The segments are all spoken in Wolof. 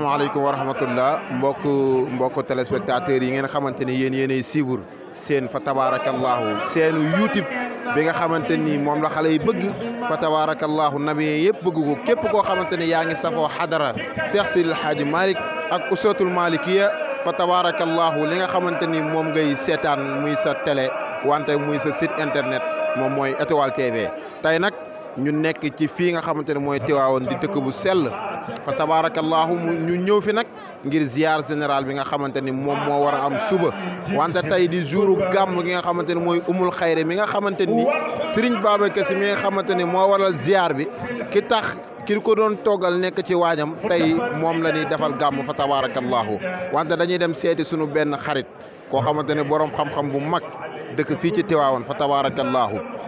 asalaamaaleykum wa rahmatullah mbokk mbokk téléspectateurs yi ngeen xamante ni yéen yéenay siibur seen fa tabaarakallaahu seenu youtube bi nga xamante ni moom la xale yi bëgg fa tabaarakallaahu nabi yëpp bëgg ko képp koo xamante ni yaa ngi safoo xadara Cheikh Sidil Hadji Malick ak usratul malikiya fa tabaarakallaahu li nga xamante ni moom ngay seetaan muy sa télé wante muy sa site internet moom mooy étoile tv tey nag ñu nekk ci fii nga xamante ni mooy tiwaawan di dëkk bu sell fa tabaarakallaahu ñu ñëw fi nag ngir ziar général bi nga xamante ni moom moo war a am suba wante tey di jouru gàmm gi nga xamante ni mooy umul xayre mi nga xamante ni Serigne Babacar Sy mi nga xamante ni moo waral ziar bi ki tax ki ko doon toggal nekk ci waajam tey moom la ñuy defal gàmm fa tabaarakallaahu wante dañuy dem seeti sunu benn xarit koo xamante ne borom xam-xam bu mag dëkk fii ci Tiwaawoon fa tabaarakallaahu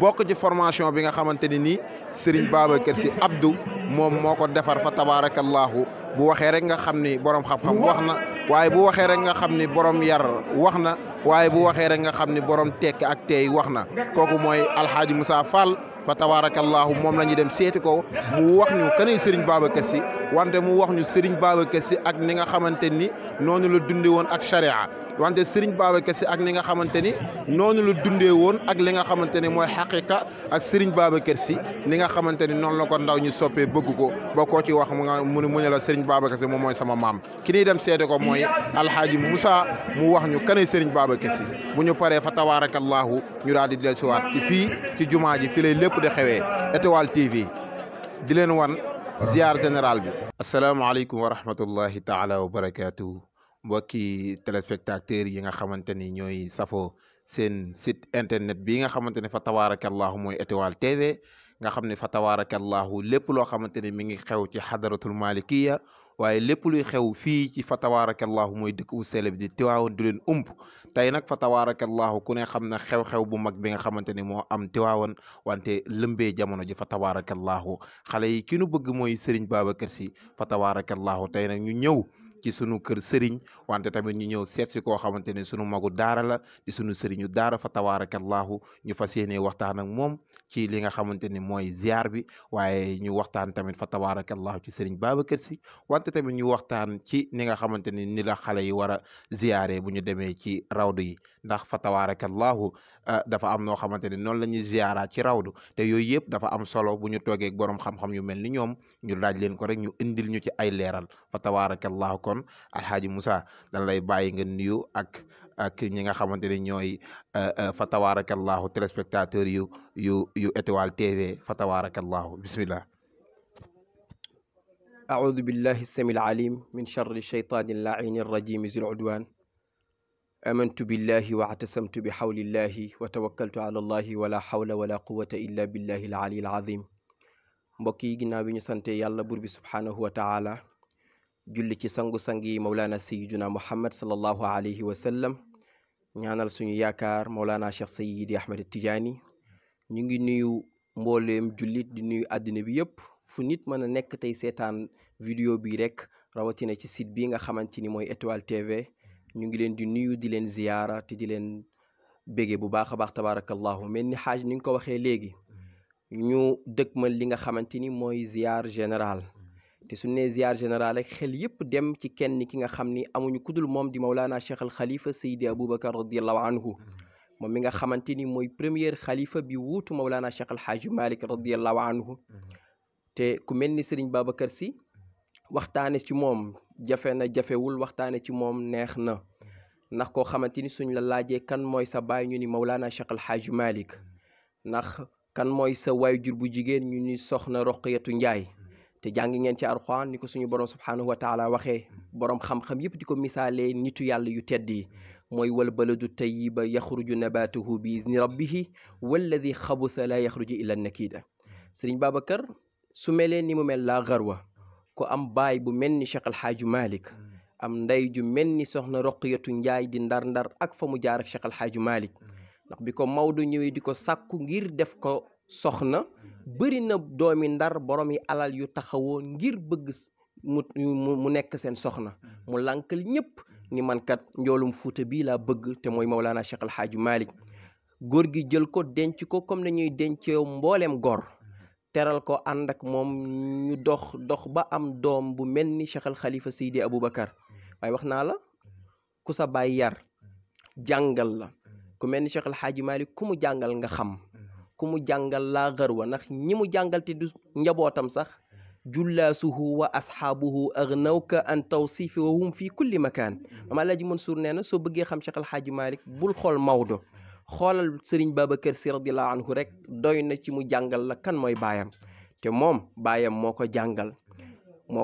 bokk ci formation bi nga xamante ni nii Serigne Babacar Sy Abdou moom moo ko defar fa tabaarakallaahu bu waxee rek nga xam ni borom xam-xam wax na waaye bu waxee rek nga xam ni borom yar wax na waaye bu waxee rek nga xam ni borom tekki ak teey wax na kooku mooy Alxaaji Moussa Fall fa tabaarakallaahu moom la ñu dem seeti ko mu wax ñu kanay Serigne Babacar Sy wante mu wax ñu Serigne Babacar Sy ak ni nga xamante ni noonu la dunde woon ak charia wante Serigne Babacar Sy ak ni nga xamante ni noonu lu dundee woon ak li nga xamante ne mooy xaqiqa ak Serigne Babacar Sy ni nga xamante ni noonu la ko ndaw ñu soppee bëgg ko boo ko ci wax mu nga mu ne la Serigne Babacar Sy moom mooy sama maam ki ñuy dem seete ko mooy alxaaji Moussa mu wax ñu kanay Serigne Babacar Sy bu ñu paree fa tabaarakallaahu ñu daal di dellusiwaat ci fii ci jumaa ji fi lay lépp di xewee Étoile TV di leen wan ziar général bi asalaamaaleykum wa rahmatullahi taala wa barakaatu. mbokki téléspectateurs yi nga xamante ni ñooy safo seen site internet bi nga xamante ne fa tabaarakallahu mooy étoile tv nga xam ne fa tabaarakallahu lépp loo xamante ne mi ngi xew ci xadaratul malikiya waaye lépp luy xew fii ci fa tabaarakallahu mooy dëkk bu sell bi di tiwaawoon du leen ump tey nag fa tabaarakallahu ku ne xam na xew-xew bu mag bi nga xamante ni moo am tiwaawoon wante lëmbee jamono ji fa tabaarakallahu xale yi ki nu bëgg mooy Serigne Babacar Sy fa tabaarakallahu tey nag ñu ñëw ci sunu kër sëriñ wante tamit ñu ñëw seet si koo xamante ne sunu magu daara la di sunu sëriñu daara fa tabaarakallahu ñu fa yéene waxtaan ak moom ci li nga xamante ni mooy ziar bi waaye ñu waxtaan tamit fa tabaarakallahu ci sëriñ Babacar Sy wante tamit ñu waxtaan ci ni nga xamante ni ni la xale yi war a ziare bu ñu demee ci rawdu yi ndax fa tabaarakallahu ah, dafa am noo xamante ni noonu la ñuy ziara ci rawdu te yooyu yëpp dafa am solo bu ñu toogee ak borom xam-xam yu mel ni ñoom ñu laaj leen ko rek ñu indil ñu ci ay leeral fa tabaarakallahu kon Alhaaji Moussa dañ lay bàyyi nga nuyu ak ak ñi nga xamante ne ñooy fa tabaarakallahu téléspectateurs yu yu tv fa tabaarakallahu bismillah أعوذ بالله السميع العليم من شر الشيطان اللعين الرجيم ذي العدوان آمنت بالله واعتصمت بحول الله وتوكلت على الله ولا حول ولا قوة إلا بالله العلي العظيم mbokk yi ginnaaw bi ñu sante yàlla buur julli ci sangu-sang yi maulana sayiduna muhammad sallallahu alayhi wa sallam ñaanal suñu yaakaar maulana cheikh sayidi ahmed tijaani ñu ngi nuyu mbooleem jullit di nuyu àddina bi yëpp fu nit mën a nekk tey seetaan vidéo bi rek rawatina ci site bi nga xamante ni mooy étoile tv ñu ngi leen di nuyu di leen ziyaara te di leen bége bu baax a baax tabarakallahu mel ni xaaj ni nga ko waxee léegi mm. ñu dëgmal li nga xamante ni mooy ziyaar général te su ne ziar général rek xel yépp dem ci kenn ki nga xam ni amuñu kudul moom di maulana cheikh al xalifa saydi aboubacar radiallahu anhu hmm. moom mi nga xamante ni mooy premier xalifa bi wuutu maulana cheikh al xaaji malik radiallahu anhu hmm. te ku mel ni sëriñ babacar si waxtaane ci moom jafe na jafewul waxtaane ci moom neex na hmm. ndax koo xamante ni suñ la laajee kan mooy sa baay ñu ni maulana cheikh al xaaji malik ndax kan mooy sa jur bu jigéen ñu ni soxna roqiyatu njaay te jàng ngeen ci Alxuraan ni ko suñu borom subhaanahu wa taala waxee borom xam-xam yëpp di ko misaalee nitu yàlla yu tedd yi mooy wal baladu tayiba yaxruju nabatuhu bi izni rabbihi walladi xabusa la yaxruju illa nakida sëriñ Babacar su melee ni mu mel laa garwa ku am baay bu mel ni Cheikh Alxaaji Malick am ndey ju mel ni soxna Roqiyatu Njaay di ndar-ndar ak fa mu jaar ak Cheikh Alxaaji Malick ko Maodo ñëwee di soxna mhm. bari na doomi ndar borom yi alal yu taxawoo ngir bëgg mu mu nekk seen soxna mhm. mu lànkal ñépp ni mhm. mankat njoolum fuuta bii laa bëgg te mooy Mawlana Cheikh El Hadj Malick góor gi jël ko denc ko comme nañuy denceew mbooleem góor teral ko ànd ak moom ñu dox dox ba am doom bu mel ni Cheikh xalifa Khalifa abu Aboubacar waaye wax naa la ku sa baay yar jàngal la ku mel ni Cheikh xaaju Hadj ku mu jàngal nga xam ku mu jàngal laa xërwa ndax ñi mu jàngal te du njabootam sax jullaasuhu wa asxaabuhu agnawka an tawsifi wa hum fi kulli makaan mm-hmm. maam Alaaji Mansuur nee na soo bëggee xam Cheikh Alxaaji bul xool Maodo xoolal Sëriñ Babacar Si radiallahu anhu rek doy na ci mu jàngal la kan mooy baayam te moom baayam moo ko jàngal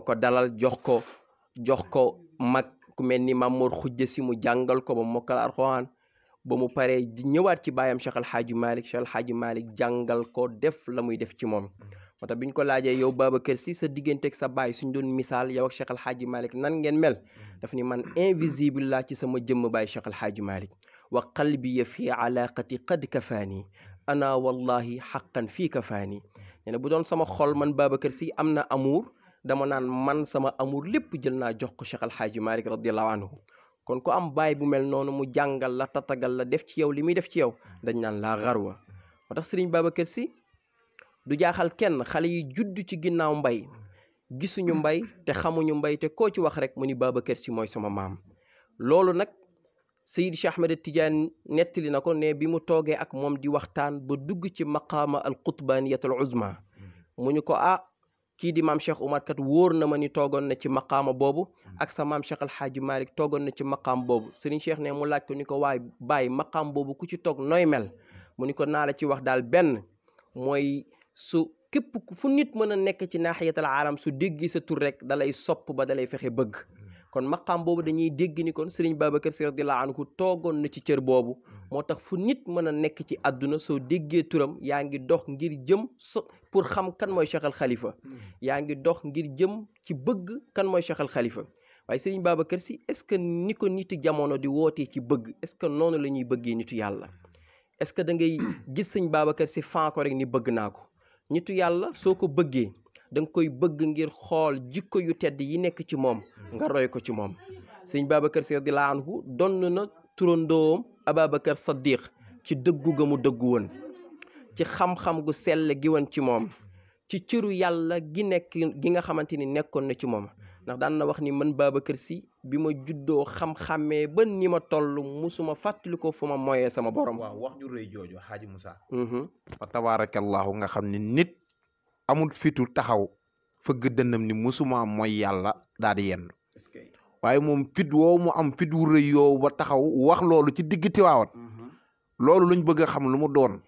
ko dalal jox ko jox ko mag ku mel ni Mamour mu jàngal ko ba mokkal Alxuraan ba mu paree ñëwaat ci baayam Cheikh Alhaaji Malick Cheikh Alhaaji Malick jàngal ko def la muy def ci moom moo tax bi ñu ko laajee yow Babacar Sy sa digganteeg sa baay suñ doon misaal yow ak Cheikh Alhaaji Malick ngeen mel daf ni man invisible laa ci sama jëmm baay Cheikh Alhaaji Malick wa qalbiya fi alaqati qad kafaani ana wallahi xaqan fii kafaani nee bu doon sama xol man Babacar Sy am na amour dama naan man sama amour lépp jël naa jox ko Cheikh Alhaaji Malick radiallahu anhu kon ku am baay bu mel noonu mu jàngal la tatagal la def ci yow li muy def ci yow mm. dañ naan laa xarwa moo tax sëriñ Babacar si du jaaxal kenn xale yi judd ci ginnaaw mbay mm. gisuñu mbay te xamuñu mbay te koo ci wax rek mu ni Babacar si mooy sama maam loolu nag Seydi Cheikh Ahmed Tidiane nettali na ko ne bi mu toogee ak moom di waxtaan ba dugg ci maqaama al qutbaniyat al mm. mu ñu ko ah kii di maam Cheikh Oumar kat wóor na ma ni toogoon na ci maqaama boobu hmm. ak sa maam Cheikh Alxaaji Malick toogoon na ci maqaam boobu Serigne Cheikh ne mu laaj ko ni ko waay bàyyi maqaam boobu ku ci toog noy mel mu ni ko naa la ci wax daal benn mooy su képp fu nit mën a nekk ci naaxiyatal aalam su déggi sa tur rek dalay sopp ba dalay fexe bëgg kon maqaam boobu dañuy dégg ni kon Serigne Babacar laa radiyallahu ko toogoon na ci cër boobu mm-hmm. moo tax fu nit mën a nekk ci àdduna soo déggee turam yaa ngi dox ngir jëm so pour xam kan mooy sexal xalifa mm-hmm. yaa ngi dox ngir jëm ci bëgg kan mooy Cheikh xalifa waaye Serigne baaba kër si ce que ni ko nitu jamono di wootee ci bëgg est-ce que noonu la ñuy bëggee nitu yàlla est-ce que da ngay gis sëñ Babacar Sy fan ko rek ni bëgg naa ko nitu yàlla soo ko bëggee da nga koy bëgg ngir xool jikko yu tedd yi nekk ci moom hmm. nga roy ko ci moom sëñ Babacar Si radiyallaahu anhu donn na turandoom Ababacar Saddiq ci dëggu ga mu dëggu woon ci xam-xam gu sell gi woon ci moom ci cëru yàlla gi nekk gi nga xamante ni nekkoon na ci moom ndax daan na wax ni man Babacar Si bi ma juddoo xam-xamee ba ni ma toll musuma fàttali ko fu ma moyee sama borom. waaw wax ju rëy jooju Xaaji Moussa. Mm-hmm. fa tabaarakallaahu nga xam ni nit. amul fitu taxaw fëgg dënnam ni musuma mooy yàlla daal di yenn waaye moom fit woow mu am fit wu rëy yow ba taxaw wax loolu ci digg Tiwaawan mm-hmm. loolu luñ bëgg a xam lu mu doon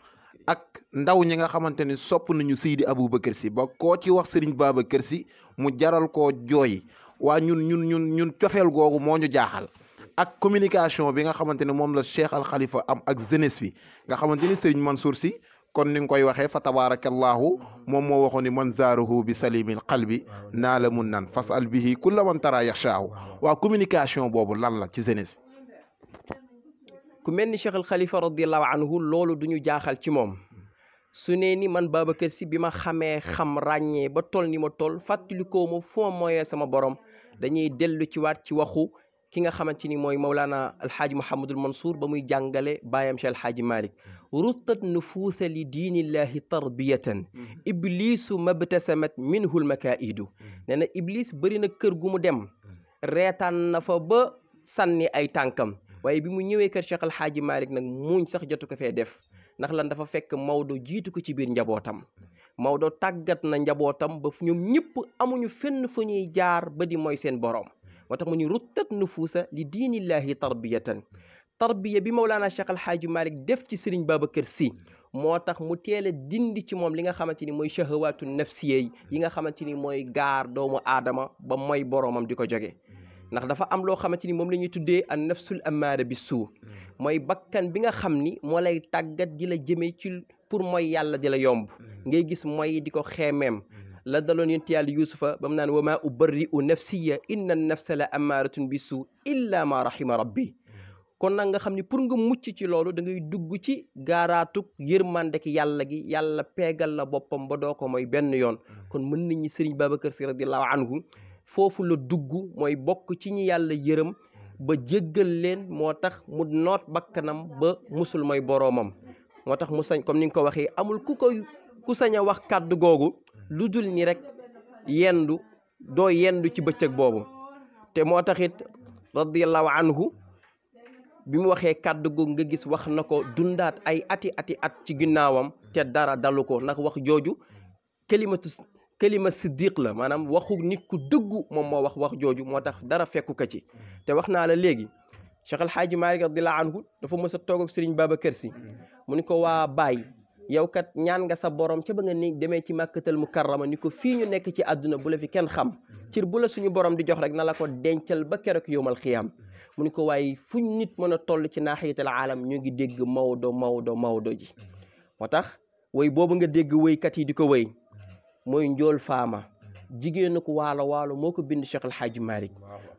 ak ndaw ñi nga xamante ni sopp nañu Seydi Aboubacar Sy ba koo ci wax Serigne Babacar Sy mu jaral ko jooy waa ñun ñun ñun ñun cofeel googu moo ñu jaaxal ak communication bi nga xamante ne moom la Cheikh Al Khalifa am ak jeunesse bi nga xamante ni man Mansour Sy kon ni nga koy waxee fa tabarakallahu moom moo waxoon ni man zaaruhu bi salimil qalbi naa la mun nan fas al bihi kulla man tara yaxshaahu waa communication boobu lan la ci jeunesse ku mel ni Cheikh al Khalifa radiallahu anhu loolu du ñu jaaxal ci moom su nee ni man Babacar Sy bi ma xamee xam ràññee ba toll ni ma toll fàttalikoo ma fu ma mooyee sama borom dañuy dellu ci waat ci waxu ki nga xamante ni mooy Mawlana alxaaji Mouhamadul Mansour ba muy jàngale baayam si alxaaji Malick mm-hmm. ruttat nufuusa li diinillahi tarbiyatan mm-hmm. iblisu mabtasamat minhul makaidu mm-hmm. nee na iblis bëri na kër gu mu dem reetaan na fa ba sànni ay tànkam waaye bi mu ñëwee kër Cheikh alxaaji Malick nag muñ sax jotu ko fee def ndax lan dafa fekk Maodo jiitu ko ci biir njabootam Maodo tàggat na njabootam ba ñoom ñëpp amuñu fenn fu ñuy jaar ba di mooy seen boroom moo tax mu ni ruttat nufuusa li diinillahi tarbiyatan tarbiya bi Mawlana Cheikh Al Hadji Malick def ci Serigne Babacar Sy moo tax mu teel a dindi ci moom li nga xamante ni mooy shahawaatu nafsiya yi nga xamante ni mooy gaar doomu aadama ba mooy boroomam di ko jóge ndax dafa am loo xamante ni moom la ñuy tuddee an nafsul amaara bi suu mooy bakkan bi nga xam ni moo lay tàggat di la jëmee ci pour mooy yàlla di yomb hmm. ngay gis mooy di ko la daloon yonti yàlla yuusufa ba mu naan wa maa ubarri'u nafsiya inna nafsa la amaaratun bi suu illa ma rahima rabbi kon nag nga xam ne pour nga mucc ci loolu da ngay dugg ci gaaraatug yërmande ki yàlla gi yàlla peegal la boppam ba doo ko mooy benn yoon kon mën nañu sëriñ Babacar Si radiyallahu anhu foofu la dugg mooy bokk ci ñi yàlla yërëm ba jëggal leen moo tax mu noot bakkanam ba musul mooy boroomam moo tax mu sañ comme ni nga ko waxee amul ku koy ku sañ a wax kàddu googu lu dul ni rek yendu doo yendu ci bëccëg boobu te moo taxit radiallahu anhu bi mu waxee kàddu gu nga gis wax na ko dundaat ay ati ati at ci ginnaawam te dara dalu ko ndax wax jooju kalimatu kalima la maanaam waxu nit ku dëggu moom moo wax wax jooju moo tax dara fekku ko ci te wax naa la léegi Cheikh Alhaaji Malick radiallahu anhu dafa mës a toog ak Serigne Babacar Sy mu ni ko waa Baye yow kat ñaan nga sa borom ca ba nga ni demee ci màkkatal mukarrama ni ko fii ñu nekk ci àdduna bu la fi kenn xam mhm. cir bu la suñu borom di jox rek na la ko dencal ba keroog yowmal xiyaam mhm. mu ni ko waaye fuñ nit mën a toll ci naaxiyatal aalam ñu ngi dégg Maodo Maodo Maodo ji mhm. moo tax way boobu nga dégg wéykat yi di ko wéy mooy njool faama jigéen ko waalo waalo moo ko bind Cheikh El Hadj Malick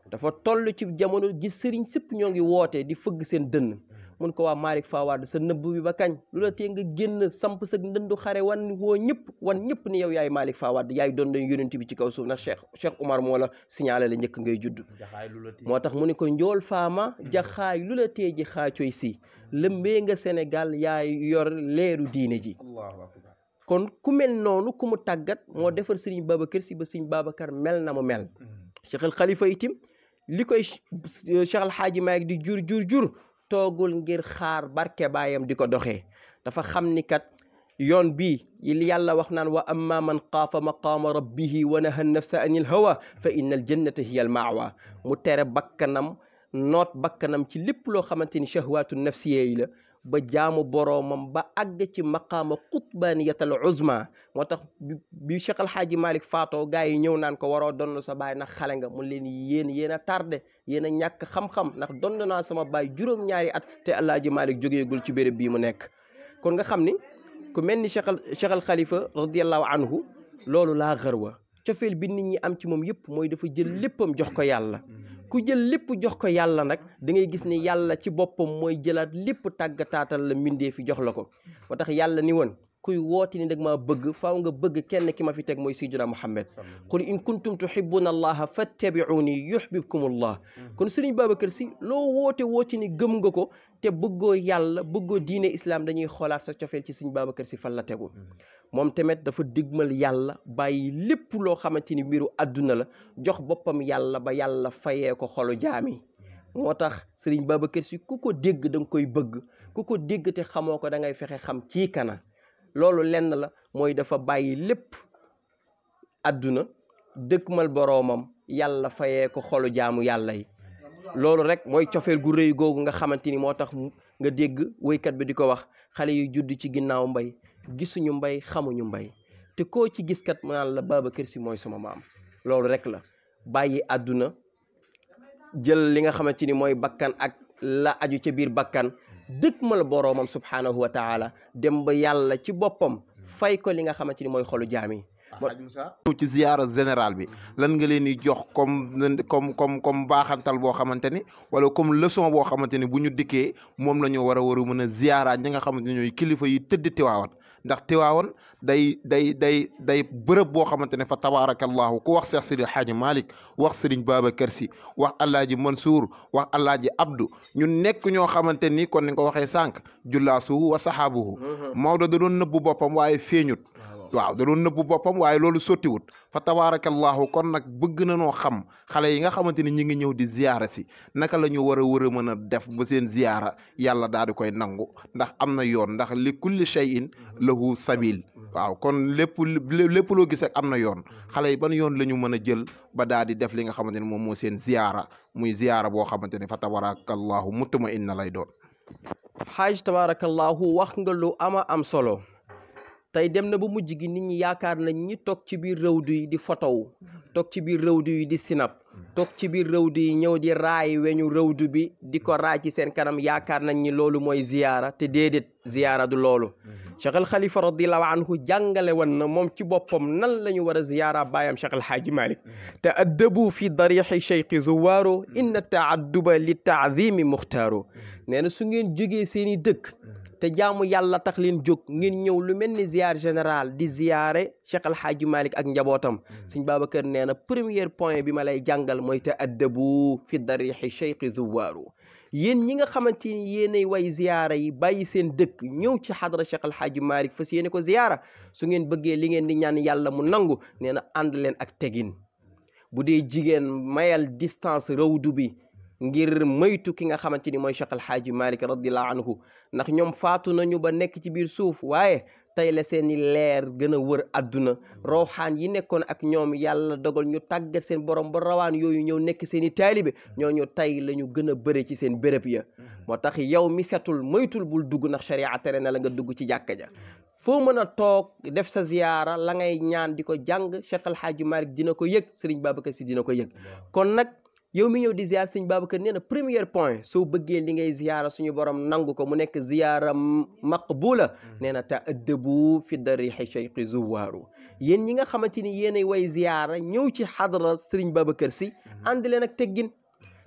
dafa toll ci jamono gis sëriñ sëpp ñoo ngi woote di fëgg seen dënn mun ko waa Malick Fawad sa nëbb bi ba kañ lu la tee nga génn samp sa ndëndu xare wan woo ñëpp wan ñëpp ni yow yaay Malick Fawad yaay doon nañ yonent bi ci kaw suuf ndax Cheikh Cheikh Omar moo la signalé la njëkk ngay judd moo tax mu ne ko njool faama mm-hmm. jaxaay lu la tee ji xaacoy si mm-hmm. lëmbee nga Sénégal yaay yor leeru diine ji kon ku mel noonu ku mu tàggat moo mm-hmm. defar sëriñ Babacar si ba sëriñ Babacar mel na mu mel Cheikh Khalifa itim li koy Cheikh al Xaaji di jur jur jur toogul ngir xaar barke baayam di ko doxee dafa xam ni kat yoon bii il yàlla wax naan wa amma man xaafa maqaama rabbihi wa naha nafsa anil hawa fa inna al jannata hiya al maawa mu tere bakkanam noot bakkanam ci lépp loo xamante ni shahwaatu nafsiye yi la ba jaamu boroomam ba àgg ci maqaama qutbaniyatal uzma moo tax bi Cheikh Al Hadji Malick faatoo gars yi ñëw naan ko waroo donn sa baay ndax xale nga mun leen yéen yéen a tardé yéen a ñàkk xam-xam ndax donn naa sama baay juróom-ñaari at te El malik Malick jógeegul ci béréb bii mu nekk kon nga xam ni ku mel ni Cheikh Cheikh Al Khalifa radiallahu anhu loolu laa xër wa cofeel bi nit ñi am ci moom yëpp mooy dafa jël léppam jox ko yàlla ku jël lépp jox ko yàlla nag da ngay gis ni yàlla ci boppam mooy jëlaat lépp tàggataatal la mbindee fi jox la ko moo tax yàlla ni woon kuy woote ni dag maa bëgg faaw nga bëgg kenn ki ma fi teg mooy sayyidina Muhammad qul in kuntum tuhibbuna allaha fattabi'uni yuhibbukum allah hmm. kon sëriñ Babacar Si loo woote woote ni gëm nga ko te bëggoo yàlla bëggoo diine islaam dañuy xoolaat sa cofeel ci sëriñ Babacar Si fan la tegu hmm. moom tamit dafa digmal yàlla bàyyi lépp loo xamante ni mbiru àdduna la jox boppam yàlla ba yàlla fayee ko xolu jaam yi moo tax sëriñ Babacar Si ku ko dégg da koy bëgg ku ko dégg xamoo ko da ngay fexe xam kii kana loolu lenn la mooy dafa bàyyi lépp àdduna dëkkmal boroomam yàlla fayee ko xolu jaamu yàlla yi loolu rek mooy cofeel gu rëy googu nga xamante ni moo tax nga dégg woykat bi di ko wax xale yu judd ci ginnaaw mbay gisuñu mbay xamuñu mbay te ko ci gis kat maanaam la Babacar Sy mooy sama maam loolu rek la bàyyi àdduna jël li nga xamante ni mooy bakkan ak la aju ca biir bakkan dëkk ma la boroomam subhaanahu wa taala dem ba yàlla ci boppam fay ko li nga xamante ni mooy xolu jaam yi ah, ñëw ci ziyaara général bi lan nga leen di jox comme comme comme comme baaxantal boo xamante ni wala comme leçon boo xamante ni bu ñu dikkee moom la ñu war a war a mën a ziyaara ñi nga xamante ni ñooy kilifa yi tëdd tiwaawat ndax tiwaawoon day day day day bërëb boo xamante ne fa tabaarakallaahu ku wax Seex Sidi xaaj Malick wax Sëriñ Babacar Si wax Alaaji Mansour wax Alaaji Abdou ñu nekk ñoo xamante ni kon ni nga ko waxee sànq jullaasu wa sahaabuhu mm-hmm. Maodo da doon nëbbu boppam waaye feeñut waaw da doon nëbbu boppam waaye loolu sotti sottiwut fa tabaarakallaahu kon nag bëgg na noo xam xale yi nga xamante ni ñi ngi ñëw di ziyaara si naka la ñu war a war a mën a def ba seen ziyaara yàlla daal di koy nangu ndax am na yoon ndax li kulli shay'in lahu sabil waaw kon lépp lépp loo gis am na yoon xale yi ban yoon la ñu mën a jël ba daal di def li nga xamante ne moom moo seen ziyaara muy ziyaara boo xamante ne fa tabaarakallaahu mutma inna lay doon xaaj tabaarakallaahu wax nga lu solo tey dem na ba mujj gi nit ñi yaakaar nañ ñi toog ci biir rëwdu yi di fotowu toog ci biir rëwdu yi di sinap toog ci biir rëwdu yi ñëw di raay weñu rëwdu bi di ko raay ci seen kanam yaakaar nañ ñi loolu mooy ziyaara te déedéet ziyaara du loolu mhm. Cheikh al Khalifa radiallahu anhu jàngale woon na moom ci boppam nan la ñu war a ziyaara baayam Cheikh al Haaji Malik mhm. te addabu fi darixi cheikhi zuwaaro inna taadduba li taadimi muxtaaro mhm. nee na su ngeen jógee seen dëkk te jaamu yàlla tax leen jóg ngeen ñëw lu mel ni ziar général di ziare Cheikh Al Hadj ak njabootam mm. sëñ Babacar nee na premier point bi ma lay jàngal mooy te addabu fi darixi cheikh zuwaaru yéen ñi nga xamante ni yéenay way ziara yi bàyyi seen dëkk ñëw ci xadra Cheikh Al Hadj Malick fas yéene ko ziara su ngeen bëggee li ngeen di ñaan yàlla mu nangu nee na ànd leen ak tegin bu dee jigéen mayal distance rawdu bi ngir moytu ki nga xamante ni mooy Cheikh Al Hadji Malick radiyallahu anhu ndax ñoom faatu nañu ba nekk ci biir suuf waaye tey la seeni leer gën a wër adduna rawxaan yi nekkoon ak ñoom yàlla dogal ñu tàggat seen borom ba rawaan yooyu ñëw nekk seeni i taalibe ñooñu tey la ñu gën a bëre ci seen béréb ya mhm. moo tax yow mi setul moytul bul dugg ndax sharia tere na la nga dugg ci jàkka ja foo mën a toog def sa ziyaara la ngay ñaan di ko jàng Cheikh Al Hadji dina ko yëg Serigne Babacar dina ko yëg yow mi ñëw di ziar sëñ Babacar nee na premier point soo bëggee li ngay ziara suñu borom nangu ko mu nekk ziara maqbula mm. nee na ta ëddëbu fi darixi cheikhi zuwaaru yéen ñi nga xamante ni yéenay way ziara ñëw ci xadra sëriñ Babacar si mm-hmm. ànd leen ak teggin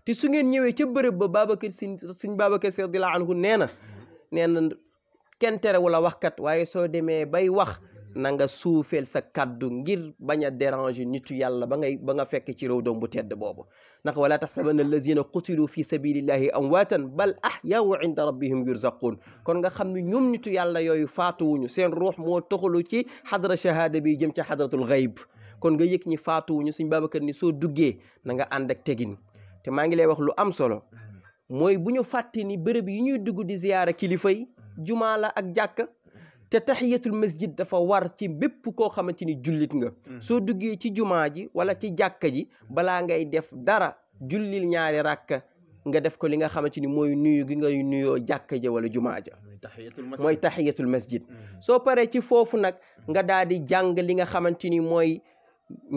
te su ngeen ñëwee ca bërëb ba Babacar si sëñ Babacar si radiallahu anhu nee na mm-hmm. nee na kenn terewul waxkat waaye soo demee bay wax mm-hmm. nanga nga suufeel sa kaddu ngir bañ a déranger nitu yàlla ba ngay ba nga fekk ci réew doom bu tedd boobu ndax wala taxsabanna allazina qutilu fi sabilillahi amwaatan bal ahyawu inda rabbihim yurzaqun kon nga xam ne ñoom nitu yàlla yooyu faatuwuñu seen ruux moo toxalu ci xadra shahada bi jëm ci xadratul gayb kon nga yëg ñi faatuwuñu suñ Babacar ni soo duggee na nga ànd ak tegin te maa ngi lay wax lu am solo mooy bu ñu fàtte ni bërëb yi ñuy dugg di ziyaara kilifa yi jumaa la ak jàkka te taxiyatul masjid dafa war ci bépp koo xamante ni jullit nga mm. soo duggee ci jumaa ji wala ci jàkka ji mm. balaa ngay def dara jullil ñaari rakka nga def ko li nga xamante ni mooy nuyu gi ngay nuyoo jàkka ja wala jumaa ja mooy taxiyatul masjid mm. soo paree ci foofu nag nga daal di jàng li nga xamante ni mooy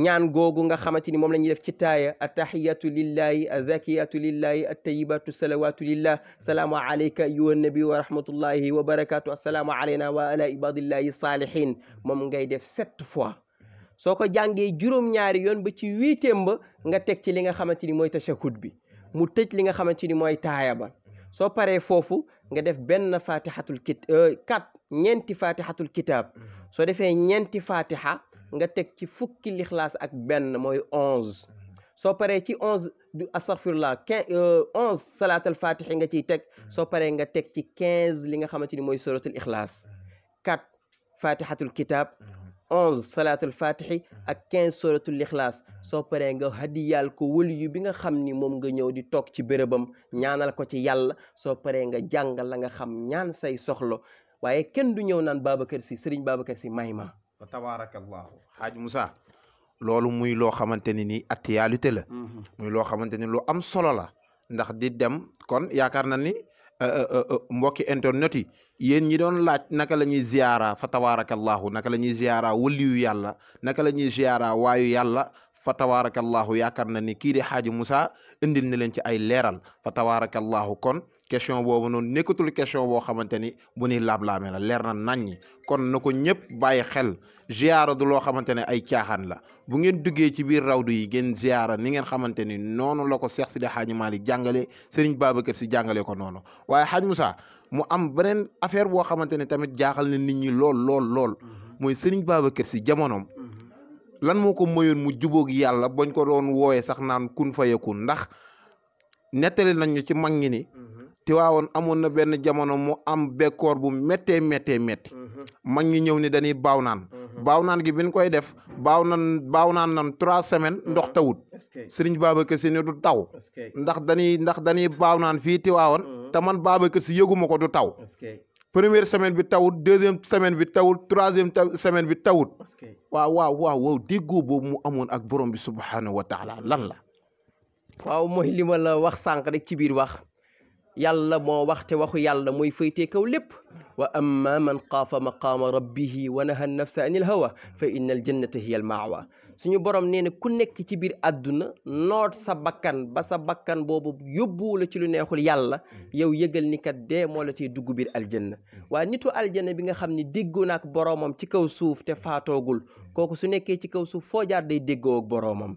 ñaan googu nga xamante ni moom la ñuy def ci taaya attahiyatu lillahi azakiyatu lillahi attayibatu salawatu lillah salaamu alayka ayuha nabi wa rahmatullahi wa barakatu assalaamu alayna wa ala ibadillahi salihin moom ngay def sept fois soo ko jàngee juróom-ñaari yoon ba ci huitième ba nga teg ci li nga xamante ni mooy tashahud bi mu tëj li xamante ni mooy taaya ba soo paree foofu nga def benn fatihatul kit kat euh, ñeenti fatihatul kitab soo defee ñeenti fatiha nga teg ci fukki lixlaas ak benn mooy onze soo paree ci onze du astaghfirullah quinze euh, onze salaatal fatihi nga ciy teg soo paree nga teg ci quinze li nga xamante ni mooy suratul ixlaas quatre fatihatul kitab onze salaatul fatihi ak quinze suratul ixlaas soo paree nga hadiyaal ko wëliyu bi nga xam ni moom nga ñëw di toog ci bërëbam ñaanal ko ci yàlla soo paree nga jàngal la nga xam ñaan say soxla waaye kenn du ñëw naan Babacar Sy Serigne Babacar si may ma fa tabaarakallaahu xaaj Moussa loolu muy loo xamante ni nii actualité la mm-hmm. muy loo xamante ni lu am solo la ndax di dem kon yaakaar na ni euh, euh, euh, mbokki internet yi yéen ñi doon laaj naka la ñuy ziyaara fa tabaarakallaahu naka la ñuy ziyaara wëliyu yàlla naka la ziyaara waayu yàlla fa tabaarakallahu yaakaar na ni kii di xaaji Moussa indil na leen ci ay leeral fa tabaarakallahu kon question boobu noonu nekkatul question boo xamante ni bu ni laablaame la leer na naññi kon na ko ñëpp bàyyi xel ziyaara du loo xamante ne ay caaxaan la bu ngeen duggee ci biir rawdu yi ngeen ziyaara ni ngeen xamante ni noonu la ko Seex Sidi Xaaji Maalik jàngale Sëriñ Babacar Si jàngale ko noonu waaye xaaj Moussa mu am beneen affaire boo xamante ne tamit jaaxal na nit ñi lool lool lool mm-hmm. mooy Sëriñ Babacar Si lan moo ko mayoon mu jubóog yàlla bañ ko doon wooye sax naan kun fayakun ndax nettali nañu ci mag ñi ni mhm. tiwaawoon amoon na benn jamono mu am bekkoor bu méttee méttee métti mhm. mag ñi ñëw ni dañuy baaw naan mhm. baaw naan gi biñ koy def baaw naan baaw naan nan trois semaines ndox tawut sëriñ Babacar Si ni du taw ndax dañuy ndax dañuy baaw naan fii tiwaawoon te man Babacar Si yëguma ko du taw première semaine bi tawut deuxième semaine bi tawut troisième semaine bi tawut waaw waaw waaw waaw déggoo boobu mu amoon ak borom bi subhanahu wa taala lan la waaw mooy li ma la wax sànq rek ci biir wax yàlla moo wax te waxu yàlla mooy faytee kaw lépp wa amma man xaafa maqaama rabbihi wa naha nafsa anil hawa fa inna al jannata hiya al maawa suñu borom nee na ku nekk ci biir adduna noot sa bakkan ba sa bakkan boobu yóbbuwula ci lu neexul yàlla mm. yow yëgal ni kat dee moo la ciy dugg biir aljanna mm. waa nitu aljanna bi nga xam ni déggoo na ak boroomam ci kaw suuf te faatoogul mm. kooku su nekkee ci kaw suuf foo jaar day déggoo boroomam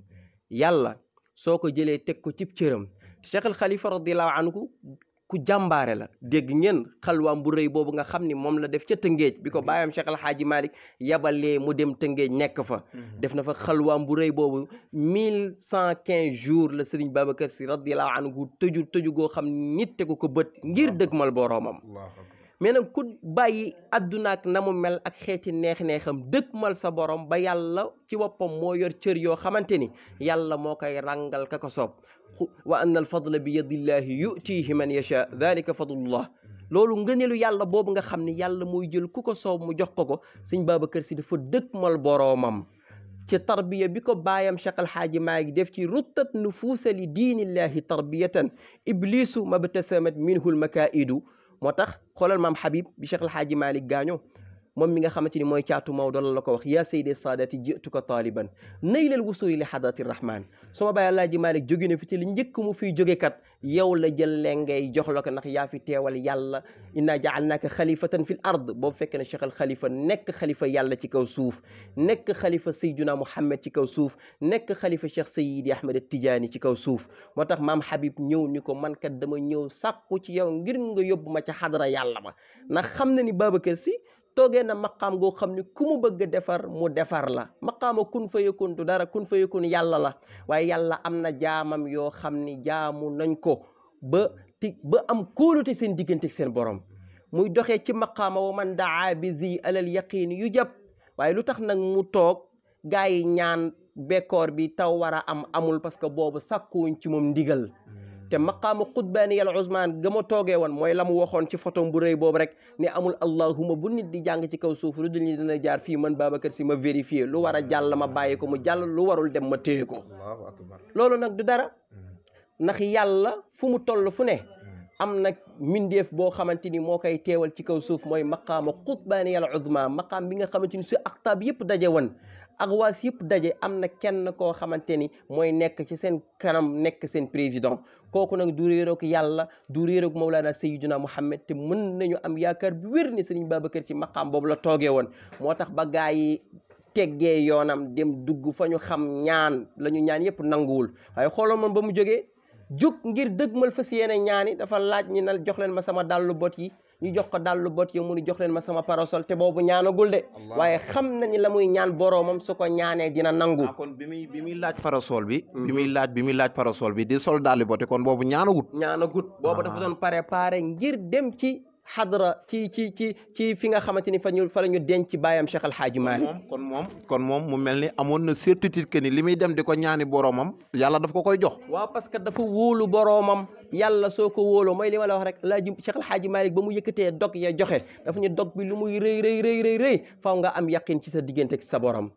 yàlla soo ko jëlee teg ko cib cëram Cheikh al Khalifa radiyallahu anhu ku jàmbaare la dégg ngeen xalwaam bu rëy boobu nga xam ni moom la def ca tëngéej bi ko mhm. baayam Cheikh Alhaaji Malick mu dem tëngéej nekk fa mhm. def na fa xalwaam bu rëy boobu mille cent quinze jours la Serigne Babacar Sy radiallahu anhu tëju tëju goo xam nit tegu ko bët ngir dëgmal boroomam mais nag ku bàyyi àdduna ak na mu mel ak xeeti neex-neexam dëkk mal sa borom ba yàlla ci boppam moo yor cër yoo xamante ni yàlla moo koy ràngal ka ko soob wa anna al fadla bi yadillahi yutihi man yacha dalika fadlullah loolu ngëneelu yàlla boobu nga xam ne yàlla mooy jël ku ko soob mu jox ko ko sëñ Babacar Si dafa dëkk mal boroomam ci tarbiya bi ko baayam Cheikh Al Hadji Maalik def ci ruttat nufuusa li diinillahi tarbiyatan iblisu mabtasamat minhu lmakaidu moo tax xoolal maam Habib bi Cheikh El Hadji Malick gaañoo moom mi nga xamante ni mooy caatu Maodo la ko wax yaa saydi saadati jituka taaliban naylal wusuli li xadrati rahman sama baay Alaaji Maalik jóge na fi ci li njëkk mu fiy jóge kat yow la jël lengay jox la ko ndax yaa fi teewal yàlla inna jaalnaaka xalifatan fi l ard boobu fekkee ne Cheikh al xalifa nekk xalifa yàlla ci kaw suuf nekk xalifa sayduna Muhammad ci kaw suuf nekk xalifa Cheikh Sayidi Ahmed Tijaani ci kaw suuf moo tax maam Habib ñëw ko man kat dama ñëw sàkku ci yow ngir nga yóbbu ma ca xadra yàlla ba ndax xam toogee na maqaam goo xam ni ku mu bëgg defar mu defar la maqaama kun fa yëkun du dara kun fa yëkun yàlla la waaye yàlla am na jaamam yoo xam ni jaamu nañ ko ba ti ba am kóolute seen diggante ak seen borom muy doxee ci maqaama wa man daa bi zi alal yaqin yu jab waaye lu tax nag mu toog gaa yi ñaan bekoor bi taw war a am amul parce que boobu sakkuwuñ ci moom ndigal te maqaamu qutbaani yal usmaan ga ma toogee woon mooy la mu waxoon ci photom bu rëy boobu rek ne amul allahuma bu nit di jàng ci kaw suuf lu dul ni dana jaar fii man Babacar Sy ma vérifié lu war a ma bàyyi ko mu jàll lu warul dem ma téye ko loolu nag du dara mm. ndax yàlla fu mu toll fu ne mm. am nag mindeef boo xamante ni moo koy teewal ci kaw suuf mooy maqaamu qutbaani yal usmaan maqaam bi nga xamante ni su aktaab yëpp daje woon ak waas yëpp daje am na kenn koo xamante ni mooy nekk ci seen kanam nekk seen président kooku nag du réer ak yàlla du réer ak Mawlana Sayyiduna Muhammad te mën nañu am yaakaar bu wér ni Serigne Babacar Sy maqaam boobu la toogee woon moo tax ba gaa yi teggee yoonam dem dugg fa ñu xam ñaan lañu ñaan yëpp nanguwul waaye xoolom moom ba mu jógee jóg ngir dëgmal fa si yéene ñaani dafa laaj ñi nal jox leen ma sama dàllu boot yi ñu jox ko dallu bot yow mu ni jox leen ma sama parasol te boobu ñaanagul de waaye xam nañu la muy ñaan boroomam su ko ñaanee dina nangu ah, kon bi muy muy laaj parasol bi bi mhm. muy laaj bi muy laaj bi di sol dallu bote kon boobu ñaanagut ñaanagut boobu dafa doon préparé ngir dem ci xadra ci ci ci ci fi nga xamante ni fa ñu fa la ñu denc baayam Cheikh Al Hadj Malick kon moom kon moom mu mel ni amoon na certitude que ni li muy dem di ko ñaani boroomam yàlla daf ko koy jox. waaw parce que dafa wóolu boroomam yàlla soo ko wóoloo mooy li ma la wax rek laaji Cheikh Al Hadj Malick ba mu yëkkatee dog ya joxe dafa ñu dog bi lu muy rëy rëy rëy rëy rëy faaw nga am yaqin ci sa diggante ak sa borom.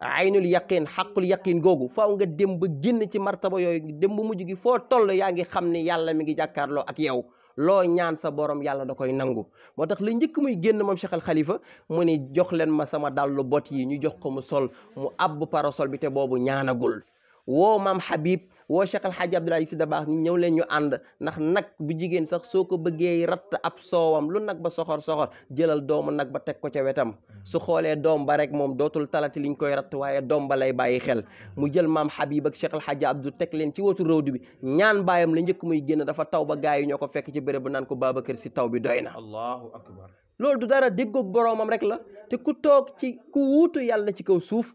aynul yaqin xaqul yaqin googu faaw nga dem ba génn ci martaba yooyu dem mu mujj gi foo toll yaa ngi xam ne yàlla mi ngi jàkkaarloo ak yow. loo ñaan sa boroom yàlla da koy nangu moo tax la njëkk muy génn moom Cheikh Al Khalifa mu ni jox leen ma sama dàllu bot yi ñu jox ko mu sol mu abb para parasol bi te boobu ñaanagul woo maam Habib woo Cheikh Al Hadj Abdoulaye Si Dabaax ñi ñëw leen ñu ànd ndax nag bu jigéen sax soo ko bëggee ratt ab soowam lu nag ba soxor soxor jëlal doomu nag ba teg ko ca wetam mm-hmm. su xoolee doom ba rek moom dootul talati liñ koy ratt waaye doom ba lay bàyyi xel mu jël maam Habib ak Cheikh Al Hadj Abdou teg leen ci wotu rawdu bi ñaan baayam la njëkk muy génn dafa taw ba gaay yi ñoo ko fekk ci béréb bu naan ko kër Si taw bi doy na allahu akbar loolu du dara déggoog boroomam rek la te ku toog ci ku wuutu yàlla ci kaw suuf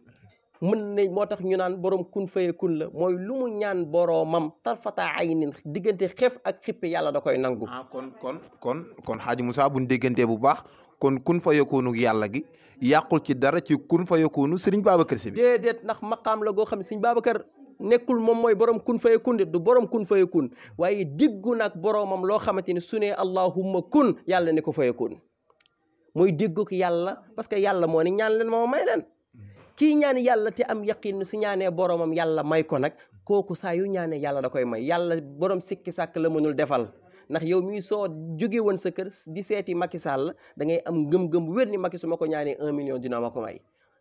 mën nañ moo tax ñu naan borom kun faye kun la mooy lu mu ñaan boroomam fata ay nin diggante xef ak xippe yàlla da koy nangu. Ah, kon kon kon kon xaaji bu buñ déggantee bu baax kon kun fa yokkoonu yàlla gi yàqul ci dara ci kun fa yokkoonu Serigne Babacar si bi. déedéet ndax maqaam la goo xam ne Serigne Babacar nekkul moom mooy borom kun faye kun de du borom kun faye kun waaye diggu nag boroomam loo xamante ni su nee allahumma kun yàlla ne ko faye mooy muy diggu yàlla parce que yàlla moo ne ñaan leen kii ñaan yàlla te am yaqiin su ñaanee boromam yàlla may ko nag kooku saa yu ñaanee yàlla da koy may yàlla borom sikki sàkk la mënul defal ndax yow mii soo jóge woon sa kër di seeti Macky Sall da ngay am ngëm-ngëm wér ni Macky su ma ko ñaanee un million dina ma ko may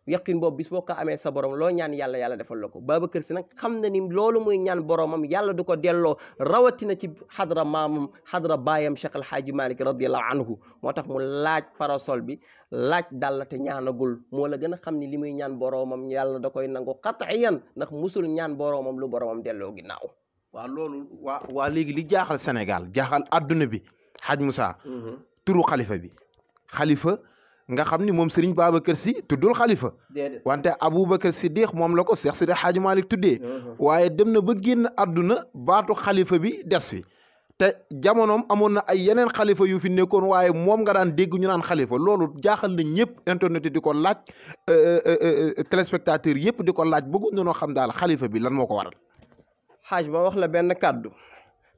yaqin boobu bis boo ko amee sa borom loo ñaan yàlla yàlla defal la ko Babacar Sy nag xam na ni loolu muy ñaan boromam yàlla du ko delloo rawatina ci xadra maamam xadra baayam Cheikh Alhaaji Malick radiallahu anhu moo tax mu laaj parasol bi laaj dàll te ñaanagul moo la gën a xam ni li muy ñaan boromam yàlla da koy nangu qat'iyan ndax musul ñaan boromam lu boromam delloo ginnaaw waaw loolu waa waa léegi li jaaxal senegal jaaxal adduna bi Hadj Moussa mm-hmm. turu nga xam ni moom Serigne Babacar Sy tuddul xalifa wante Aboubacar Siddiq moom la ko Seex Sidi Xaaji Malik tuddee uh-huh. waaye dem na ba génn àdduna baatu xalifa bi des fi te jamonoom amoon na ay yeneen xalifa yu fi nekkoon waaye moom nga daan dégg ñu naan xalifa loolu jaaxal na ñëpp internet di ko laaj euh, euh, euh, téléspectateur yëpp di ko laaj bëggoon nañoo xam daal xalifa bi lan moo ko waral. xaaj ma wax la benn kàddu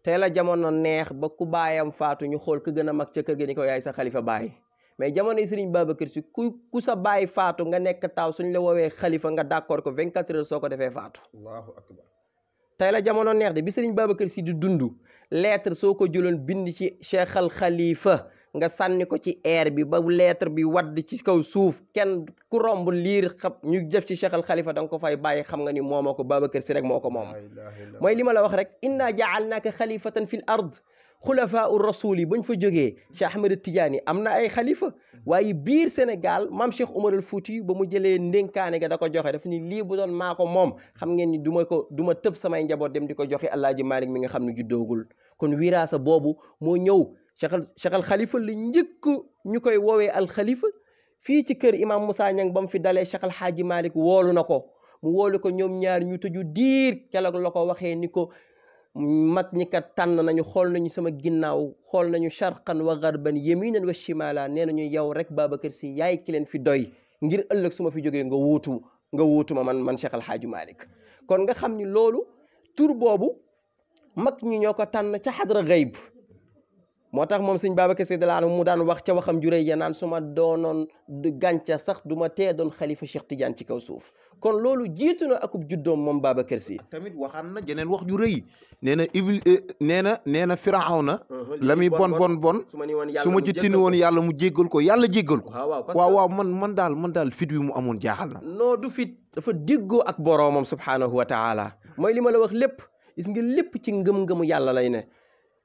tey la jamono neex ba ku baayam faatu ñu xool ku gën a mag ca kër gi ni ko yaay sa xalifa baay mais jamono yi Serigne Babacar ku ku sa bàyyi faatu nga nekk taaw suñ la woowee xalifa nga d'accord ko 24 heures soo ko defee faatu. Allahu akbar tey la jamono neex de bi Serigne Babacar Sy di dund lettre soo ko jëloon bind ci Cheikh al nga sànni ko ci air bi ba lettre bi wadd ci kaw suuf kenn ku romb liir xam ñu jëf ci Cheikh al Khalifa da ko fay bàyyi xam nga ni moomoo ko Babacar Sy rek moo ko moom mooy li la wax rek inna ja'alnaka xalifatan fil ard xulafaa u rasul yi fa jógee Cheikh Ahmed Tidiane am na ay xalifa waaye biir Sénégal maam Cheikh Omar al Fouti ba mu jëlee ndénkaane ga da ko joxe daf ni lii bu doon maa ko moom xam ngeen ni du ko du tëb samay njaboot dem di ko joxe Alaaji Malick mi nga xam ne juddoogul kon wiraasa boobu moo ñëw Cheikh Cheikh al Khalifa la njëkk ñu koy woowee al Khalifa fii ci kër imam Moussa Niang ba mu fi dalee Cheikh al Haaji Malick woolu na ko mu woolu ko ñoom ñaar ñu tëju diir keroog la ko waxee ni ko mag ñi kat tànn ñu xool nañu sama ginnaaw xool nañu charqan wa garban yaminan wa shimala nee nañu yow rek Babacar Sy yaay ki leen fi doy ngir ëllëg su ma fi jógee nga wuutu nga wuutu ma man man Cheikh Al Hadj Malick kon nga xam ni loolu tur boobu mag ñi ñoo ko tànn ca xadra gayb moo tax moom sëñ Babacar Sy dalaanu mu daan wax ca waxam juré ya naan su ma doonoon gàncax sax du ma tee doon xalifa Cheikh Tidiane ci kaw suuf kon loolu jiitu na akub juddoom moom Babacar Sy tamit waxaan na jeneen wax ju rëy nee na ibli eh, nee na nee na Firawna la muy bon bon bon su ma ci tini woon yàlla mu jéggal ko yàlla jéggal ko waaw waaw man man daal man daal fit wi mu amoon jaaxal na non du fit dafa diggoo ak boroomam subhaanahu wa taala mooy li ma la wax lépp gis nga lépp ci ngëm-ngëmu yàlla lay ne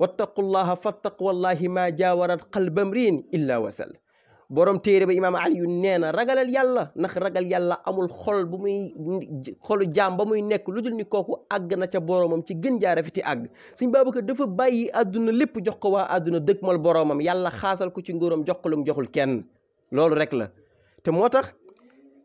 wattaqullaha fattaqu wallahi maa jaawarat qalbam riin illa wasal borom téere ba imaam Aliyu nee na ragalal yàlla ndax ragal yàlla amul xol bu muy xolu jaam ba muy nekk lu dul ni kooku àgg na ca boromam ci gën jaa rafeti àgg suñ Babacar dafa bàyyi àdduna lépp jox ko waa àdduna dëkkmal boroomam yàlla xaasal ko ci nguuram jox joxul kenn loolu rek la te moo tax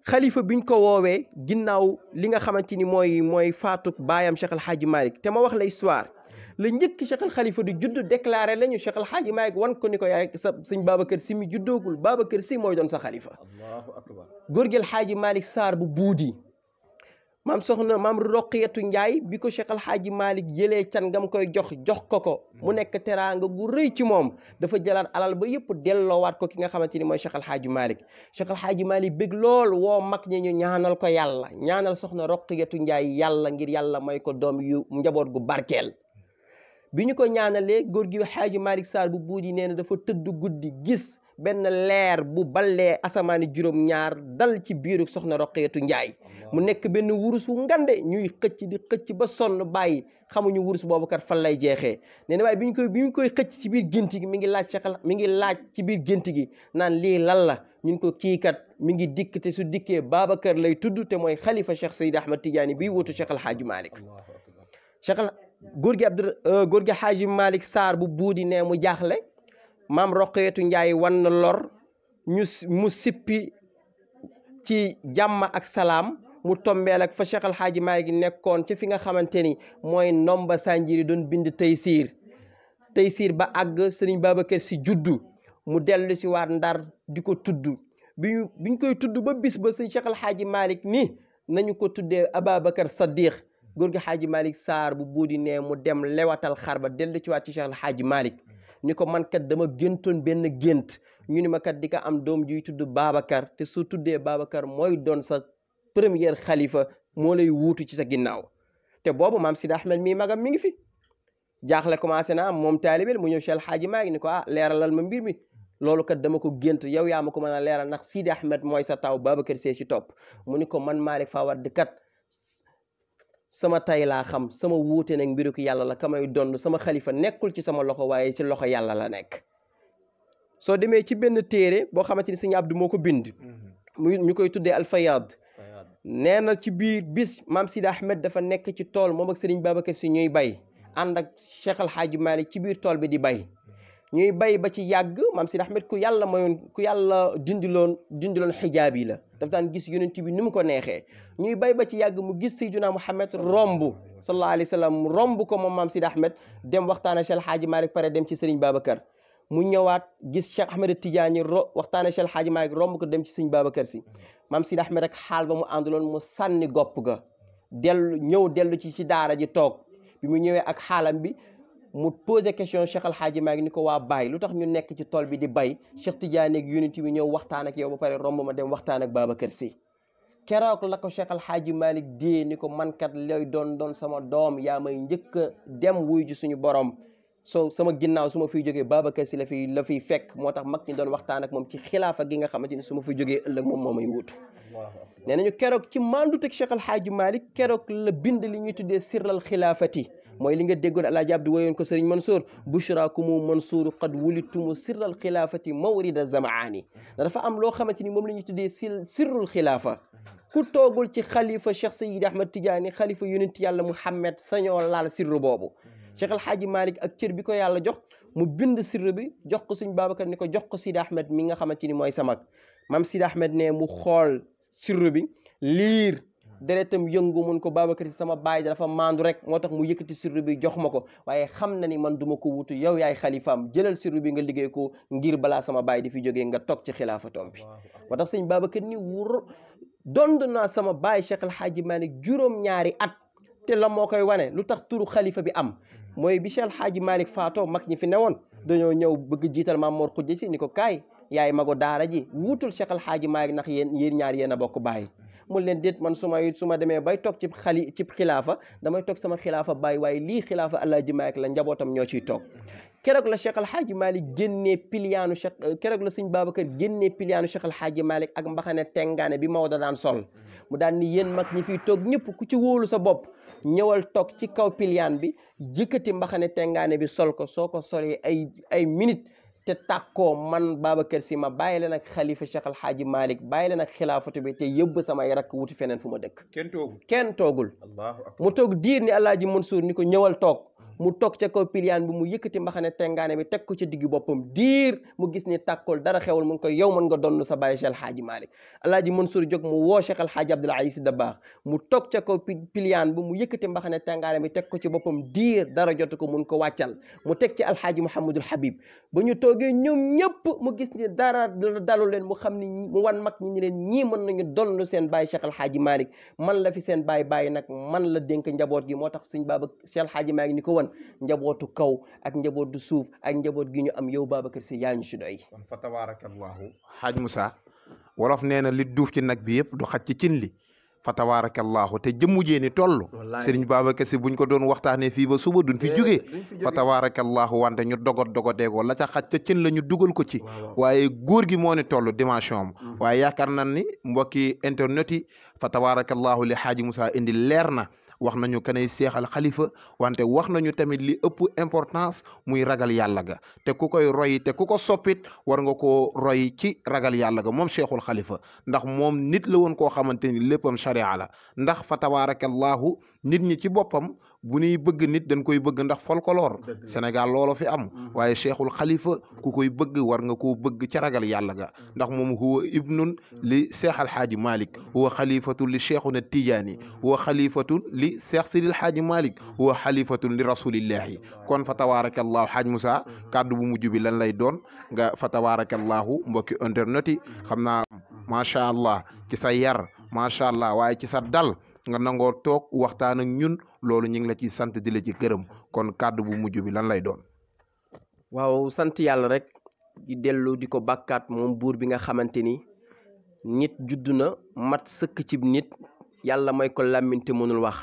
xalifa biñ ko woowee ginnaaw li nga xamante ni mooy mooy faatug baayam Cheikh El Hadj Malick te ma wax la histoire la njëkk Cheikh al Khalifa di judd déclaré lañu Cheikh al Xaaji Maalik wan ko ni ko yaay sa sëñ Babacar Si mi juddoogul Babacar Si mooy doon sa xalifa Allahu akbar góor gi Saar bu buudi maam soxna maam Roqiyatu Njaay bi ko Cheikh al Xaaji Maalik jëlee can ngam koy jox jox ko ko mu nekk teraanga gu rëy ci moom dafa jalaan alal ba yëpp delloowaat ko ki nga xamante ni mooy Cheikh al Xaaji Maalik Cheikh al bég lool woo mag ñi ñaanal ko yàlla ñaanal soxna Roqiyatu Njaay yàlla ngir yàlla may ko doom yu njaboot gu barkeel bi ñu ko ñaanalee góor gi xaaji Malick Sarr bu buuji nee na dafa tëdd guddi gis benn leer bu ballee asamaani juróom-ñaar dal ci biiru soxna Roqeetu Njaay mu nekk benn wurus wu ngande ñuy xëcc di xëcc ba sonn bàyyi xamuñu wurus boobu kat fan lay jeexee nee na waaye bi ñu koy bi ñu koy xëcc ci biir gént gi mi ngi laaj ci mi ngi laaj ci biir gént gi naan lii lan la ñun ko kiikat mu ngi dikk te su dikkee baba kër lay tudd te mooy xalifa Cheikh Seydi Ahmad Tidiane biy wutu Cheikh Al Hadj Malick Cheikh góor gi Abdou euh, góor gi Xaaji Malick Sarr bu buudi ne mu jaaxle maam Roqeetu Njaay wan na lor mu sippi ci jàmm ak salaam mu tombeel ak fa Cheikh Al Hadji nekkoon ci fi nga xamante ni mooy nomba sanjiri doon bind tey Taysiir siir ba àgg Sëriñ Babacar Si juddu mu dellu si waat Ndar di ko tudd bi ñu koy tudd ba bis ba sëñ Cheikh Al ni nañu ko tuddee Ababacar Saddiq góor gi xaaji Malick Sarr bu buudi nee mu dem lewatal xar ba dellu ci waat ci Cheikh El Hadji Malick mm. ni ko man kat dama géntoon benn gént ñu ni ma kat di ko am doom juy tudd Babacar te su tuddee Babacar mooy doon sa première xalifa moo lay wuutu ci sa ginnaaw te boobu maam Sidi Ahmed mii magam mi ngi fi jaaxle commencé naa moom taalibel mu ñëw Cheikh El Hadji Malick ni ko ah ma mbir mi loolu kat dama ko gént yow yaa ma ko mën a leeral ndax Sidi Ahmed mooy sa taw Babacar see ci topp mu ni ko man Malick Fawad kat sama tay laa xam sama wuute nag mbiru ki yàlla la kamay donn sama xalifa nekkul ci sama loxo waaye ci loxo yàlla la nekk soo demee ci benn téere boo xamante ni sëñ Abdu moo ko bind mm-hmm. muy ñu koy tuddee Alfayad nee na ci biir bis maam Sidi Ahmed dafa nekk ci tool moom ak Sëriñ Babacar Si ñuy bay mm-hmm. ànd ak Cheikh Al Hadji ci biir tool bi di bay mm-hmm. ñuy bay ba ci yàgg maam Sidi Ahmed ku yàlla mayoon ku yàlla dindiloon dindiloon xijaab yi la daf daan gis yonent bi ni mu ko neexee mm-hmm. ñuy bay ba ci yàgg mu gis Seydina Muhammad romb sallallahu alayhi wa sallam romb ko moom maam Sidi Ahmed dem waxtaan ak Cheikh Alhaaji Malick pare dem ci Serigne Babacar mu ñëwaat gis Cheikh Ahmed Tidiane ro waxtaan ak Cheikh Alhaaji romb ko dem ci Serigne Babacar si mm-hmm. maam Sidi Ahmed rek xaal ba mu ànduloon mu sànni gopp ga dellu ñëw dellu ci ci daara ji toog bi mu ñëwee ak xaalam bi mu posé question Cheikh Al Hadji Malick ni ko waa Baye lu tax ñu nekk ci tool bi di bay Cheikh Tidiane ak unité bi ñëw waxtaan yow ba pare romb ma dem waxtaan ak Babacar Sy keroog la ko Cheikh Al Hadji Malick ni ko mankat looy doon doon sama doom yaa may njëkk a dem wuy ji suñu borom so sama ginnaaw su ma fiy jógee Babacar Sy la fiy la fiy fekk moo tax mag ñi doon waxtaan ak moom ci xilaafa gi nga xamante ni su ma fi jógee ëllëg moom moo may wuutu nee nañu keroog ci maandu teg Cheikh Al Hadji Malick keroog la bind li ñuy tuddee sirral xilaafati mooy li nga déggoon alaaji abdu wayoon ko sëriñ mansour bushraakumu mansour qad wulitumu sirral xilaafati mawrida zamaani dafa am loo xamante ni moom la ñuy tuddee sirrul xilaafa ku toogul ci xalifa cheikh sayid ahmad tidiane xalifa yonent yàlla mouhammad sañoo laal sirru boobu cheikh alhaaji malik ak cër bi ko yàlla jox mu bind sirru bi jox ko suñ babacar ni ko jox ko sid ahmed mi nga xamante ni mooy sa maam sid ahmed ne mu xool sirru bi liir deretam yëngu mun ko Babacar Si sama baay dafa maandu rek moo tax mu yëkkati sirru bi jox ma ko waaye xam na ni man duma ko wutu yow yaay xalifa xalifaam jëlal sirru bi nga liggéey ko ngir balaa sama baay di fi jógee nga toog ci xilaafatoom bi moo tax sëñ Babacar ni wur dond naa sama baay Cheikh El Hadji Malick juróom ñaari at te la moo koy wane lu tax turu xalifa bi am hmm. mooy bi Cheikh El Hadji Malick faatoo mag ñi fi newoon hmm. dañoo ñëw bëgg jiital ma Mor Xujja si ni ko kaay yaay daara ji wutul Cheikh El Hadji Malick ndax yéen yéen ñaar yéen a bokk baay mun leen déet man su ma su ma demee bay toog ci xali ci xilaafa damay toog sama xilaafa bay waaye lii xilaafa Alaaji Maalik la njabootam ñoo ciy toog keroog la Cheikh Alhaaji Malick génnee piliyaanu Cheikh keroog la sëñ Babacar génnee piliyaanu Cheikh Alhaaji Malick ak mbaxane tengaane bi Maodo daan sol mu daan ni yéen mag ñi fi toog ñëpp ku ci woolu sa bopp ñëwal toog ci kaw piliyaan bi jëkkati mbaxane tengaane bi sol ko soo ko solee ay ay minute te tàkkoo man Babacar Sy ma bàyyi lee ak xalifa Cheikh Al Hadji Malick bàyyi leen ak xilaafatu bi te yëbb samay rakk wuti feneen fu ma dëkk. ken toogul kenn toogul. mu toog diir ni El Hadji Mansour ni ko ñëwal toog. mu toog ca kaw piliyaan bi mu yëkkati mbaxane tengaane bi teg ko ca digg boppam diir mu gis ni tàkkool dara xewul mu ngi koy yow mën nga donn sa bàyyi Cheikh Alhaaji Malick Alhaaji Mansour jóg mu woo Cheikh Alhaaji Abdoul Aziz Sy Dabakh mu toog ca kaw piliyaan bi mu yëkkati mbaxane tengaane bi teg ko ci boppam diir dara jotu ko mun ko wàccal mu teg ci Alhaaji Mouhamadul Habib ba ñu toogee ñoom ñëpp mu gis ni dara dalu leen mu xam ni wan mag ñi ni leen ñii mën nañu donn seen bàyyi Cheikh Alhaaji Malick man la fi seen bàyyi bàyyi nag man la dénk njaboot gi moo tax suñ baaba Cheikh Alhaaji Malick ni ko won kon njabootu kaw ak njabootu suuf ak njaboot gi ñu am yow Babacar Sy yaa ñu si doy. kon fa tabaarakallahu xaaj Moussa wolof nee na li duuf ci nag bi yëpp du xaj ci cin li fa tabaarakallahu te jëmmu jee ni toll. Serigne Babacar Sy buñ ko doon waxtaanee fii ba suba duñ fi jugee. fa tabaarakallahu wante ñu dogot dogoteekoo la ca xaj ca cin la ñu dugal ko ci. waaye góor gi moo ni toll dimension am. Mm-hmm. waaye yaakaar nan ni mbokki internet fa tabaarakallahu li xaaji Moussa indi leer na. wax nañu kanay seexal xalifa wante wax nañu tamit li ëpp importance muy ragal yàlla ga te ku koy roy te ku ko soppit war nga koo roy ci ragal yàlla ga moom seexul xalifa ndax moom nit la woon koo xamante ni léppam charia la ndax fa tabaarakallahu nit ñi ci boppam bu ñuy bëgg nit dañ koy bëgg ndax folklore Sénégal loolo fi am mm-hmm. waaye cheikhul xalifa ku koy bëgg war nga ko bëgg ca ragal yàlla ga mm-hmm. ndax moom huwa ibnun mm-hmm. li cheikh alhaaji malik huwa xalifatun li cheikhuna tijaani huwa xalifatun li cheikh sidil haaji malik huwa xalifatun li rasulillahi kon fa tabarakallahu haaj moussa kàddu bu mujj bi lan lay doon nga fa tabarakallahu mbokki internet yi xam naa macha allah ci sa yar macha allah waaye ci sa dal nga nangoo toog waxtaan ak ñun loolu ñu ngi la ci sant di la ci gërëm kon kàddu bu mujj bi lan lay doon. waaw sant yàlla rek di dellu di ko bàkkaat moom buur bi nga xamante ni nit judd na mat sëkk ci nit yàlla may ko làmmiñ te mënul wax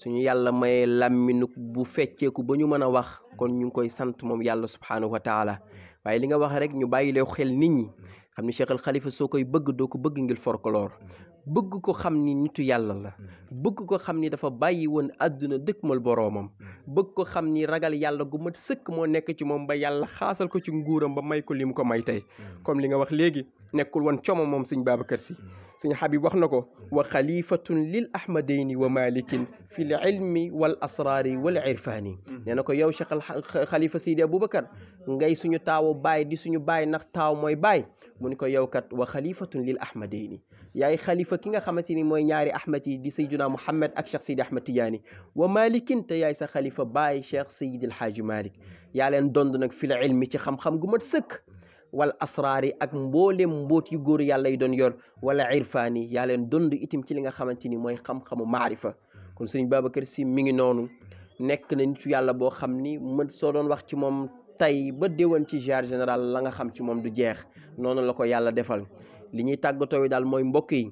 suñu yàlla mayee làmmiñ bu fecceeku ba ñu mën a wax kon ñu ngi koy sant moom yàlla subhaanahu wa taala waaye li nga wax rek ñu bàyyi leen xel nit ñi xam ni Cheikh xalifa soo koy bëgg doo ko bëgg ngir folklore bëgg ko xam ni nitu yàlla la mm-hmm. bëgg ko xam ni dafa bàyyi woon àdduna dëkkmal boroomam mm-hmm. bëgg ko xam ni ragal yàlla gu mat sëkk moo nekk ci moom ba yàlla xaasal ko ci nguuram ba may ko li mu ko may tey mm-hmm. comme li nga wax léegi nekkul woon como moom sëñ Babacar Si sëñ Habib wax na ko wa xalifatun lil ahmadayni wa malikin fi l ilmi wal asraari wal irfaani nee na ko yow si xalifa Seydi Aboubacar ngay suñu taawu baay di suñu baay nax taaw mooy baay mu ni ko yow kat wa xalifatun lil ahmadayni yaay xalifa ki nga xamante ni mooy ñaari ahmad yi di sayduna muhammad ak cheikh seydi ahmad tidiani wa malikin te yaay sa xalifa baay cheikh seydi alhaaji malik yaa leen dond nag fil ilmi ci xam-xam gu mat sëkk wal asrari ak mboolem mbóot yu góor yàlla yi doon yor wala irfaan yi yaa leen dond itam ci li nga xamante ni mooy xam-xamu maarifa kon sëriñ Babacar Sy mi ngi noonu nekk na nitu yàlla boo xam ni mën soo doon wax ci moom tey ba déwén ci ziar général la nga xam ci moom du jeex noonu la ko yàlla defal li ñuy tàggatoo wi daal mooy mbokk yi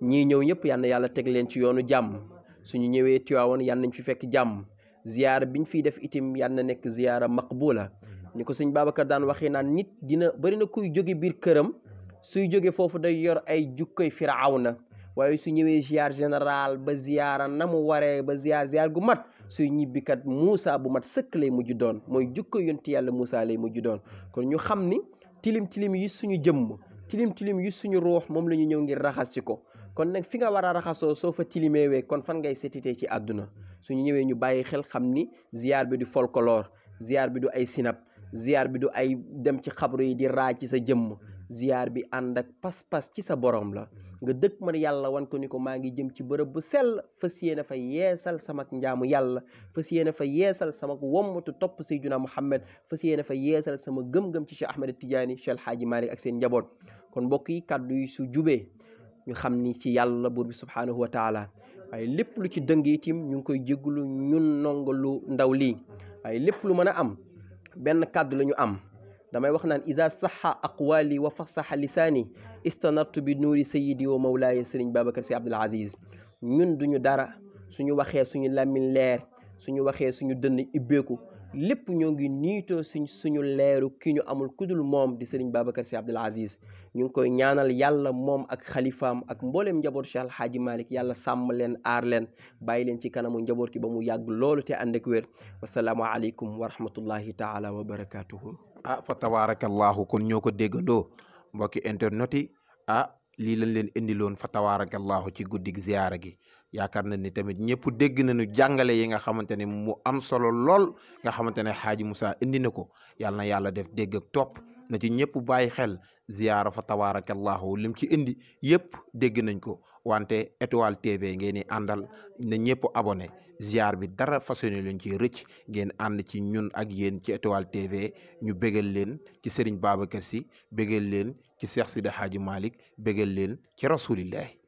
ñii ñëw ñëpp yal yàlla teg leen ci yoonu jàmm suñu ñëwee Tiwaawan yal nañ fi fekk jàmm bi ñu fiy def itim yal na nekk ziara maqbula ñu ko sëñ Babacar daan waxee naan nit dina bëri na kuy jóge biir këram suy jóge foofu day yor ay jukkay na waaye su ñëwee ziar général ba ziara na mu waree ba ziar gu mat suy ñibbikat Moussa bu mat sëkk lay mujju doon mooy jukko yonti yàlla Moussa lay mujj doon kon ñu xam ni tilim tilim yi suñu jëmm tilim tilim yi suñu ruux moom la ñu ñëw ngir raxas ci ko kon nag fi nga war a raxasoo soo fa tilimeewee kon fan ngay setitee ci adduna suñu ñëwee ñu bàyyi xel xam ni ziar bi du folklore ziar bi du ay sinap ziar bi du ay dem ci xabru yi di raaj ci sa jëmm ziar bi ànd ak pas ci sa borom la nga dëkk man yàlla wan ko ni ko maa ngi jëm ci bërëb bu sell fas yéene fa yeesal samak njaamu yàlla fas yéene fa yeesal samak wommatu topp sayyiduna Muhammad fas yéene fa yeesal sama gëm-gëm ci Cheikh Ahmed Tidiane Cheikh Alhaaji Malik ak seen njaboot kon mbokk yi kàddu yi su jubee ñu xam ni ci yàlla buur bi subhaanahu wa taala lépp lu ci dëng itim ñu ngi koy jégalu ñun nongalu ndaw lii waaye lépp lu mën a am benn kàddu la am damay wax naan isa saxa aqwali wa fasaxa lisaani istanartu bi nuuri sayidi wa mawlaaya sëriñ babacar si abdul aziz ñun duñu dara suñu waxee suñu làmmiñ leer suñu waxee suñu dënn ibbeeku lépp ñoo ngi niitoo suñ suñu leeru ki ñu amul kudul moom di sëriñ babacar si abdul aziz ñu ngi koy ñaanal yàlla moom ak xalifaam ak mboolem njaboot Cheikh Alhaaji Malick yàlla sàmm leen aar leen bàyyi leen ci kanamu njaboot ki ba mu yàgg loolu te ànd ak wér wasalaamu aleykum wa rahmatullahi taala wa barakatuhu ah fa tabaarakallahu kon ñoo ko déggandoo mbokki internet yi ah lii lañ leen indiloon fa tabaarakallahu ci guddig ziyaara gi yaakaar na ni tamit ñëpp dégg nañu jàngale yi nga xamante ne mu am solo lool nga xamante ne xaaji Moussa indi na ko yàlla na yàlla def dégg ak topp na ci ñëpp bàyyi xel ziyaara fa tabarakallahu lim ci indi yëpp dégg nañ ko wante étoile tv ngeen i àndal na ñëpp abone ziar bi dara façonné leen ci rëcc ngeen ànd ci ñun ak yéen ci étoile tv ñu bégal leen ci Serigne Babacar Sy bégal leen ci Cheikh Sidi Hadji Malick bégal leen ci rasulillahi